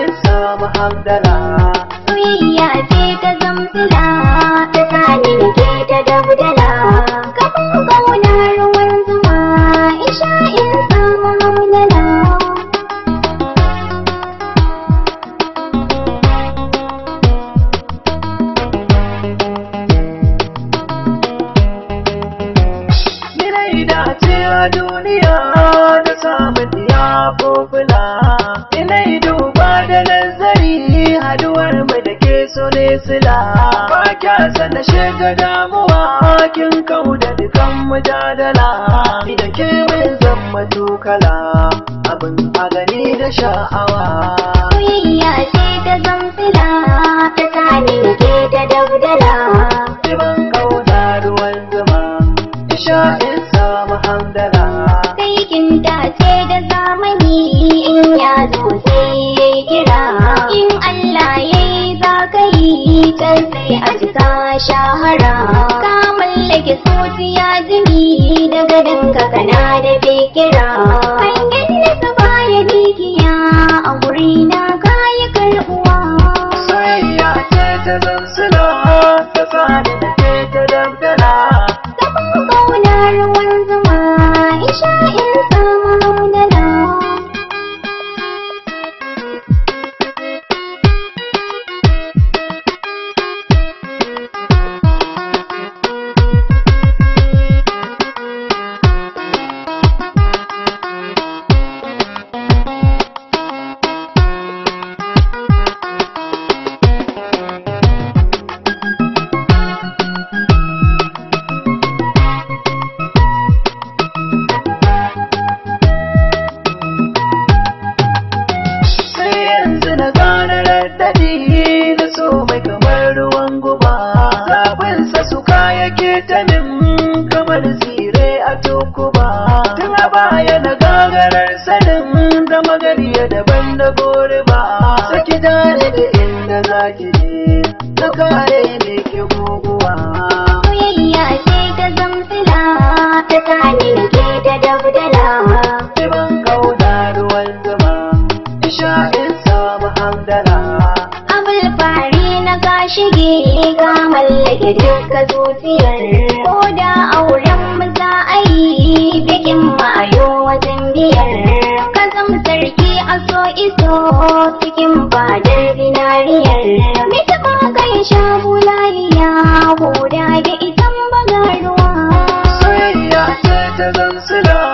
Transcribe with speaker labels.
Speaker 1: in samu hamdala ya ce ta zamtula
Speaker 2: tsakanin
Speaker 1: ce a duniya da samun ya Ina inai duba da nazari haduwar mu da ke so ne sila ba kya sana shiga damuwa kin kau da dukan mujadala Idan ke mai zama tukala abin a gani da sha'awa Kuyayya ce ta zamfila ta sani ke ta dabdala
Speaker 2: Sha'in dan sai a ji ka shahara ka mallake ya jini daga danka kana da fikira hanyar na su baya dukiya a gurina ka yi karbuwa
Speaker 1: soyayya ce ta zama baya da gagarar sanin da magariya daban da gore ba saki tare da inda za ki je ta kare ne ke guguwa soyayya ce ta zamsila ta kare ke da dabdala ban kauda ruwan zama
Speaker 2: isha in samu hamdala abul fari na gashi ga mallake duka zuciyar mu sarki a so iso cikin fadar zinariyar mita ba kai sha bulaliya huda da isan bagaruwa sai ya ta zan sula